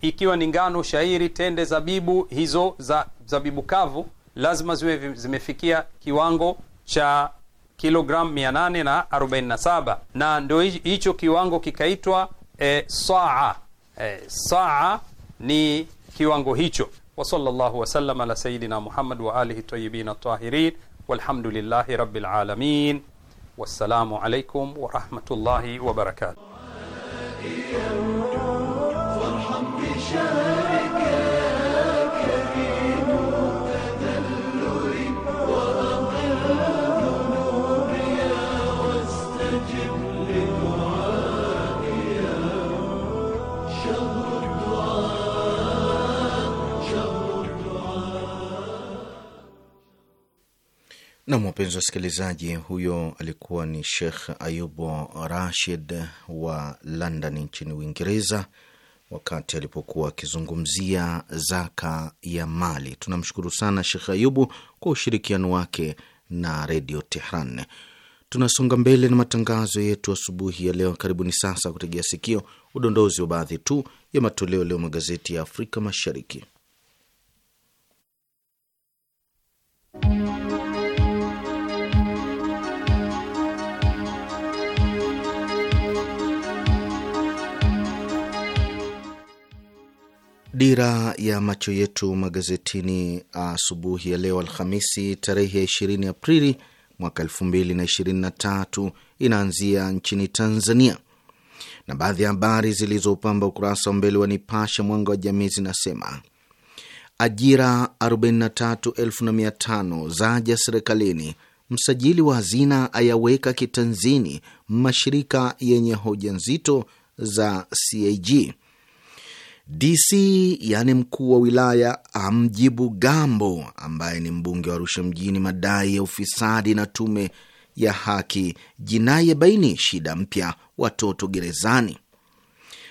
ikiwa ni ngano, shairi, tende, zabibu. Hizo za zabibu kavu lazima ziwe zimefikia kiwango cha kilogram 847 na na ndio hicho kiwango kikaitwa e, saa e, saa ni kiwango hicho. wa sallallahu wa sallam ala sayidina Muhammad wa alihi tayyibin at-tahirin walhamdulillahi rabbil alamin. Wassalamu alaykum wa rahmatullahi wa barakatuh. Nam, wapenzi wasikilizaji, huyo alikuwa ni Shekh Ayubu Rashid wa London nchini Uingereza wakati alipokuwa akizungumzia zaka ya mali. Tunamshukuru sana Shekh Ayubu kwa ushirikiano wake na Redio Tehran. Tunasonga mbele na matangazo yetu asubuhi ya leo. Karibuni sasa kutegea sikio udondozi wa baadhi tu ya matoleo leo magazeti ya Afrika Mashariki. Dira ya macho yetu magazetini asubuhi ya leo Alhamisi tarehe ya 20 Aprili mwaka 2023 inaanzia nchini Tanzania, na baadhi ya habari zilizopamba ukurasa wa mbele wa nipasha Mwanga wa Jamii zinasema ajira 43500 zaja serikalini, msajili wa hazina ayaweka kitanzini mashirika yenye hoja nzito za CAG DC yaani mkuu wa wilaya amjibu Gambo ambaye ni mbunge wa Arusha mjini madai ya ufisadi, na tume ya haki jinai baini shida mpya watoto gerezani.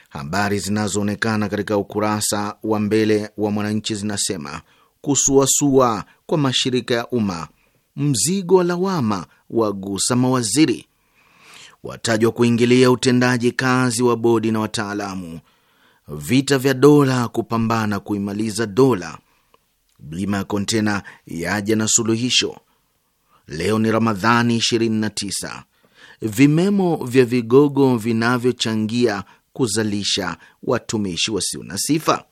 Habari zinazoonekana katika ukurasa wa mbele wa Mwananchi zinasema kusuasua kwa mashirika ya umma, mzigo wa lawama wagusa mawaziri, watajwa kuingilia utendaji kazi wa bodi na wataalamu vita vya dola kupambana kuimaliza dola. Bima ya kontena yaja na suluhisho. Leo ni Ramadhani 29. Vimemo vya vigogo vinavyochangia kuzalisha watumishi wasio na sifa.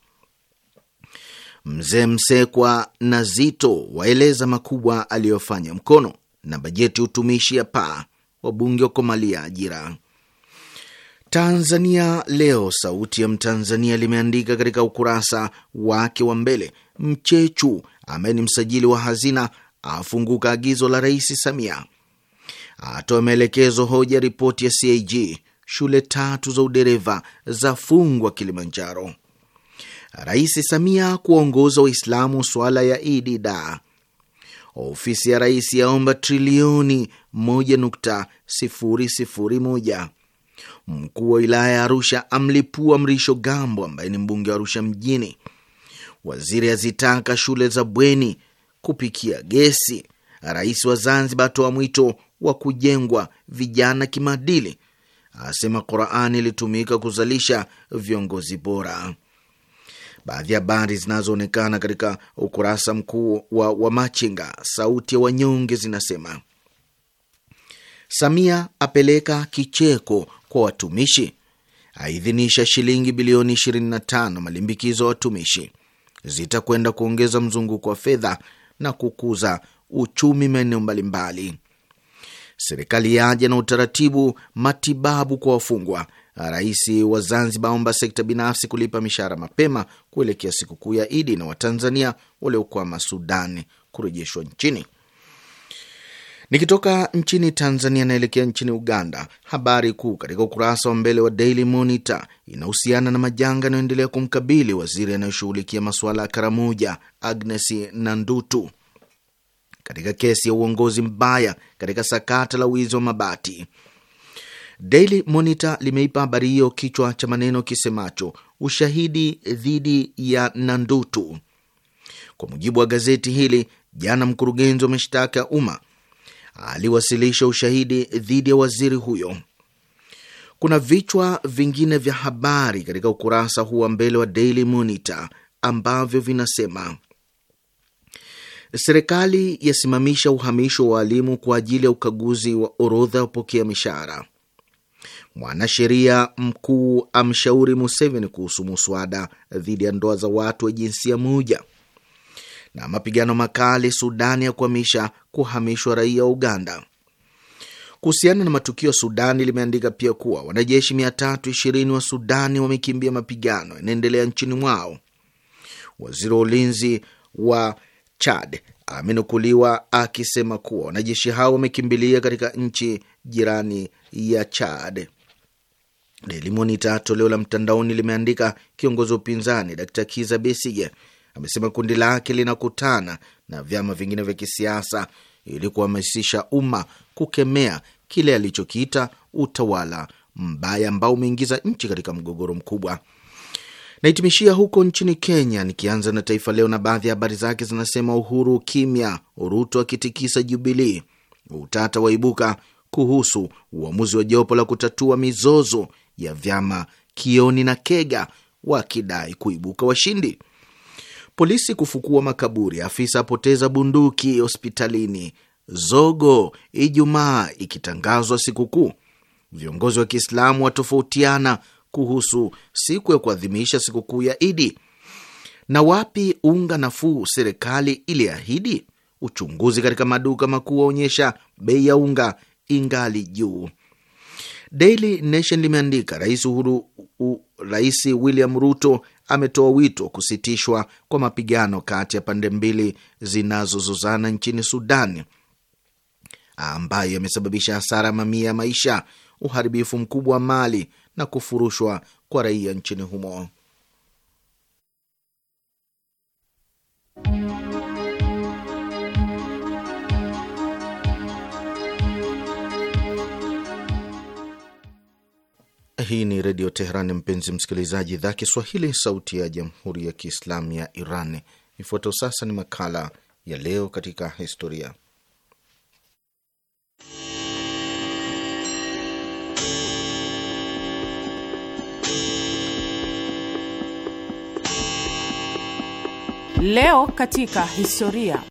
Mzee Msekwa na Zito waeleza makubwa aliyofanya mkono na bajeti utumishi ya paa. Wabunge wakomalia ajira. Tanzania Leo, Sauti ya Mtanzania limeandika katika ukurasa wake wa mbele, Mchechu ambaye ni msajili wa hazina afunguka agizo la Rais Samia, atoa maelekezo hoja ripoti ya CAG, shule tatu za udereva zafungwa Kilimanjaro, Rais Samia kuwaongoza Waislamu suala ya Idi da ofisi ya rais yaomba trilioni moja mkuu wa wilaya ya Arusha amlipua Mrisho Gambo ambaye ni mbunge wa Arusha Mjini. Waziri azitaka shule za bweni kupikia gesi. Rais wa Zanzibar atoa mwito wa kujengwa vijana kimaadili, asema Qurani ilitumika kuzalisha viongozi bora. Baadhi ya habari zinazoonekana katika ukurasa mkuu wa Wamachinga, sauti ya wanyonge, zinasema Samia apeleka kicheko kwa watumishi, aidhinisha shilingi bilioni 25 malimbikizo ya watumishi zitakwenda kuongeza mzunguko wa fedha na kukuza uchumi maeneo mbalimbali. Serikali yaja na utaratibu matibabu kwa wafungwa. Rais wa Zanzibar aomba sekta binafsi kulipa mishahara mapema kuelekea sikukuu ya Idi, na Watanzania waliokwama Sudani kurejeshwa nchini. Nikitoka nchini Tanzania naelekea nchini Uganda. Habari kuu katika ukurasa wa mbele wa Daily Monitor inahusiana na majanga yanayoendelea kumkabili waziri anayeshughulikia masuala ya Karamoja, Agnes Nandutu, katika kesi ya uongozi mbaya katika sakata la wizi wa mabati. Daily Monitor limeipa habari hiyo kichwa cha maneno kisemacho ushahidi dhidi ya Nandutu. Kwa mujibu wa gazeti hili, jana mkurugenzi wa mashtaka ya umma aliwasilisha ushahidi dhidi ya waziri huyo. Kuna vichwa vingine vya habari katika ukurasa huu wa mbele wa Daily Monitor ambavyo vinasema serikali yasimamisha uhamisho wa walimu kwa ajili ya ukaguzi wa orodha wapokea mishahara. Mwanasheria mkuu amshauri Museveni kuhusu muswada dhidi ya ndoa za watu wa jinsia moja na mapigano makali Sudani ya kuhamisha kuhamishwa raia wa Uganda. Kuhusiana na matukio Sudani, limeandika pia kuwa wanajeshi 320 wa Sudani wamekimbia mapigano yanaendelea nchini mwao. Waziri wa ulinzi wa Chad amenukuliwa akisema kuwa wanajeshi hao wamekimbilia katika nchi jirani ya Chad. Daily Monitor toleo la mtandaoni limeandika, kiongozi wa upinzani Dkt Kiza Besige amesema kundi lake linakutana na vyama vingine vya kisiasa ili kuhamasisha umma kukemea kile alichokiita utawala mbaya ambao umeingiza nchi katika mgogoro mkubwa. Naitimishia huko nchini Kenya, nikianza na Taifa Leo na baadhi ya habari zake zinasema: Uhuru kimya, Ruto akitikisa Jubilii, utata waibuka kuhusu uamuzi wa jopo la kutatua mizozo ya vyama Kioni na Kega wakidai kuibuka washindi polisi kufukua makaburi, afisa apoteza bunduki hospitalini, zogo Ijumaa ikitangazwa sikukuu, viongozi wa Kiislamu watofautiana kuhusu siku ya kuadhimisha sikukuu ya Idi, na wapi unga nafuu serikali iliahidi. Uchunguzi katika maduka makuu waonyesha bei ya unga ingali juu. Daily Nation limeandika rais Uhuru, Rais William Ruto ametoa wito wa kusitishwa kwa mapigano kati ya pande mbili zinazozozana nchini Sudan, ambayo yamesababisha hasara mamia ya maisha, uharibifu mkubwa wa mali na kufurushwa kwa raia nchini humo. Hii ni Redio Teheran, mpenzi msikilizaji, idhaa Kiswahili, sauti ya jamhuri ya kiislamu ya Iran. Ifuatayo sasa ni makala ya leo katika historia. Leo katika historia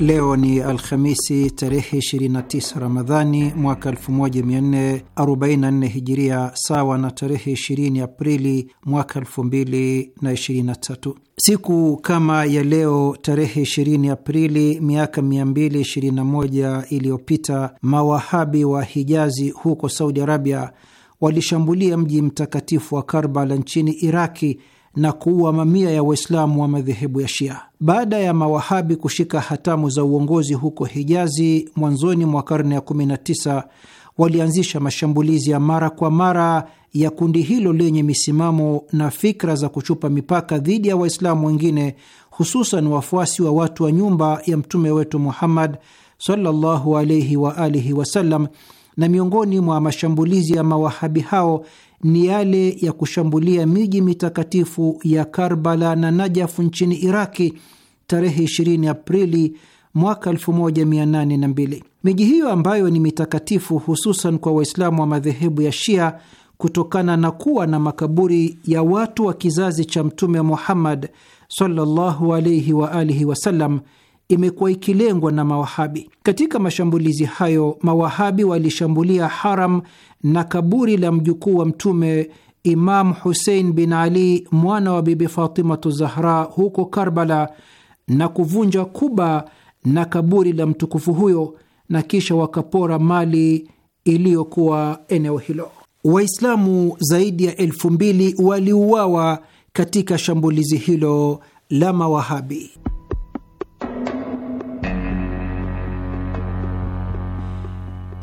Leo ni Alhamisi tarehe 29 Ramadhani mwaka 1444 Hijiria, sawa na tarehe 20 Aprili mwaka 2023. Siku kama ya leo tarehe 20 Aprili miaka 221 iliyopita mawahabi wa Hijazi huko Saudi Arabia walishambulia mji mtakatifu wa Karbala nchini Iraki na kuua mamia ya Waislamu wa madhehebu ya Shia. Baada ya mawahabi kushika hatamu za uongozi huko Hijazi mwanzoni mwa karne ya 19, walianzisha mashambulizi ya mara kwa mara ya kundi hilo lenye misimamo na fikra za kuchupa mipaka dhidi ya Waislamu wengine, hususan wafuasi wa watu wa nyumba ya mtume wetu Muhammad sallallahu wa alihi wasallam, na miongoni mwa mashambulizi ya mawahabi hao ni yale ya kushambulia miji mitakatifu ya Karbala na Najafu nchini Iraki tarehe 20 Aprili mwaka 1802. Miji hiyo ambayo ni mitakatifu hususan kwa Waislamu wa madhehebu ya Shia kutokana na kuwa na makaburi ya watu wa kizazi cha Mtume Muhammad sallallahu alayhi wa alihi wasallam imekuwa ikilengwa na Mawahabi. Katika mashambulizi hayo, Mawahabi walishambulia haram na kaburi la mjukuu wa Mtume Imam Husein bin Ali mwana wa Bibi Fatimatu Zahra huko Karbala na kuvunja kuba na kaburi la mtukufu huyo na kisha wakapora mali iliyokuwa eneo hilo. Waislamu zaidi ya elfu mbili waliuawa katika shambulizi hilo la Mawahabi.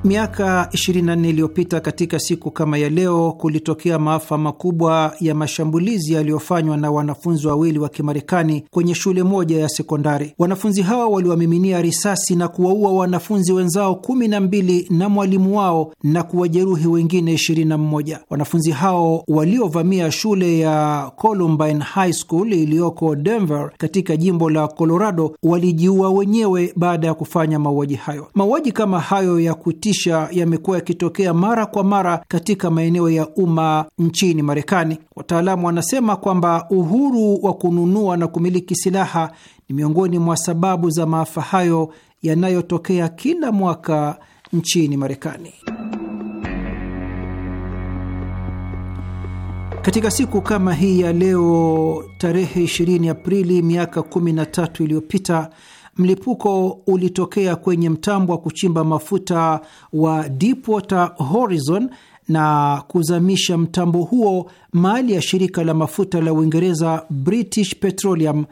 Miaka 24 iliyopita katika siku kama ya leo kulitokea maafa makubwa ya mashambulizi yaliyofanywa na wanafunzi wawili wa Kimarekani kwenye shule moja ya sekondari. Wanafunzi hawa waliwamiminia risasi na kuwaua wanafunzi wenzao kumi na mbili na mwalimu wao na kuwajeruhi wengine 21. Wanafunzi hao waliovamia shule ya Columbine High School iliyoko Denver katika jimbo la Colorado walijiua wenyewe baada ya kufanya mauaji hayo. Mauaji kama hayo ya kutisha yamekuwa yakitokea mara kwa mara katika maeneo ya umma nchini Marekani. Wataalamu wanasema kwamba uhuru wa kununua na kumiliki silaha ni miongoni mwa sababu za maafa hayo yanayotokea kila mwaka nchini Marekani. Katika siku kama hii ya leo tarehe 20 Aprili miaka 13 iliyopita mlipuko ulitokea kwenye mtambo wa kuchimba mafuta wa Deepwater Horizon na kuzamisha mtambo huo mali ya shirika la mafuta la Uingereza British Petroleum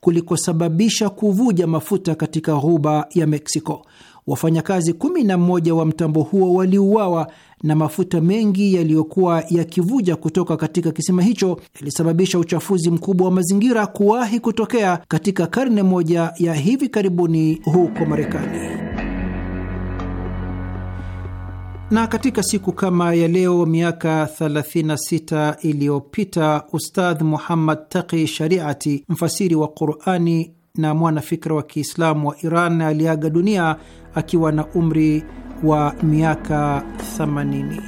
kulikosababisha kuvuja mafuta katika ghuba ya Mexico. Wafanyakazi kumi na mmoja wa mtambo huo waliuawa na mafuta mengi yaliyokuwa yakivuja kutoka katika kisima hicho yalisababisha uchafuzi mkubwa wa mazingira kuwahi kutokea katika karne moja ya hivi karibuni huko Marekani. Na katika siku kama ya leo miaka 36 iliyopita Ustadh Muhammad Taqi Shariati, mfasiri wa Qurani na mwanafikra wa Kiislamu wa Iran aliaga dunia akiwa na umri wa miaka 80.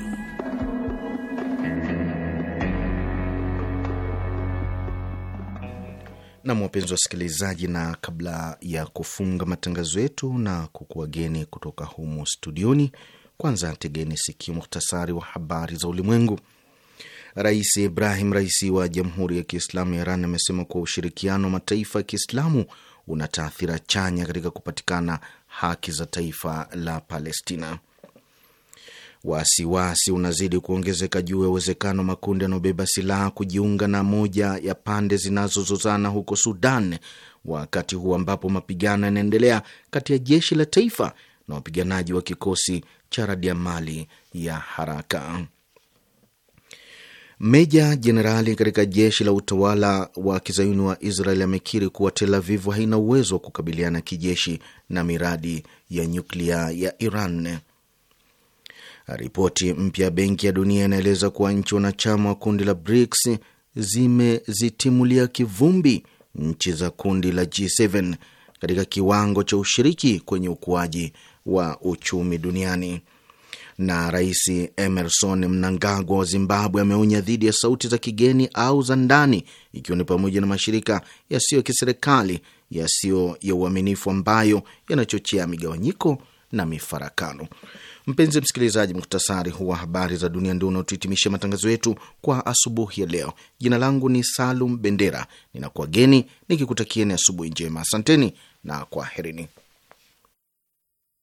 Nam, wapenzi wasikilizaji, na kabla ya kufunga matangazo yetu na kukuwageni kutoka humo studioni, kwanza tegeni sikio muhtasari wa habari za ulimwengu. Rais Ibrahim Raisi wa Jamhuri ya Kiislamu ya Iran amesema kuwa ushirikiano wa mataifa ya Kiislamu una taathira chanya katika kupatikana haki za taifa la Palestina. Wasiwasi unazidi kuongezeka juu ya uwezekano wa makundi yanayobeba silaha kujiunga na moja ya pande zinazozozana huko Sudan, wakati huu ambapo mapigano yanaendelea kati ya jeshi la taifa na wapiganaji wa kikosi cha radiamali ya haraka. Meja jenerali katika jeshi la utawala wa kizayuni wa Israel amekiri kuwa Tel Avivu haina uwezo wa kukabiliana kijeshi na miradi ya nyuklia ya Iran. Ripoti mpya ya Benki ya Dunia inaeleza kuwa nchi wanachama wa kundi la BRICS zimezitimulia kivumbi nchi za kundi la G7 katika kiwango cha ushiriki kwenye ukuaji wa uchumi duniani. Na Rais Emerson Mnangagwa wa Zimbabwe ameonya dhidi ya sauti za kigeni au za ndani, ikiwa ni pamoja na mashirika yasiyo ya kiserikali yasiyo ya uaminifu ambayo yanachochea migawanyiko na mifarakano. Mpenzi msikilizaji, muktasari huwa habari za dunia ndio unaotuhitimisha matangazo yetu kwa asubuhi ya leo. Jina langu ni Salum Bendera, ninakuwageni nikikutakieni asubuhi njema. Asanteni na kwaherini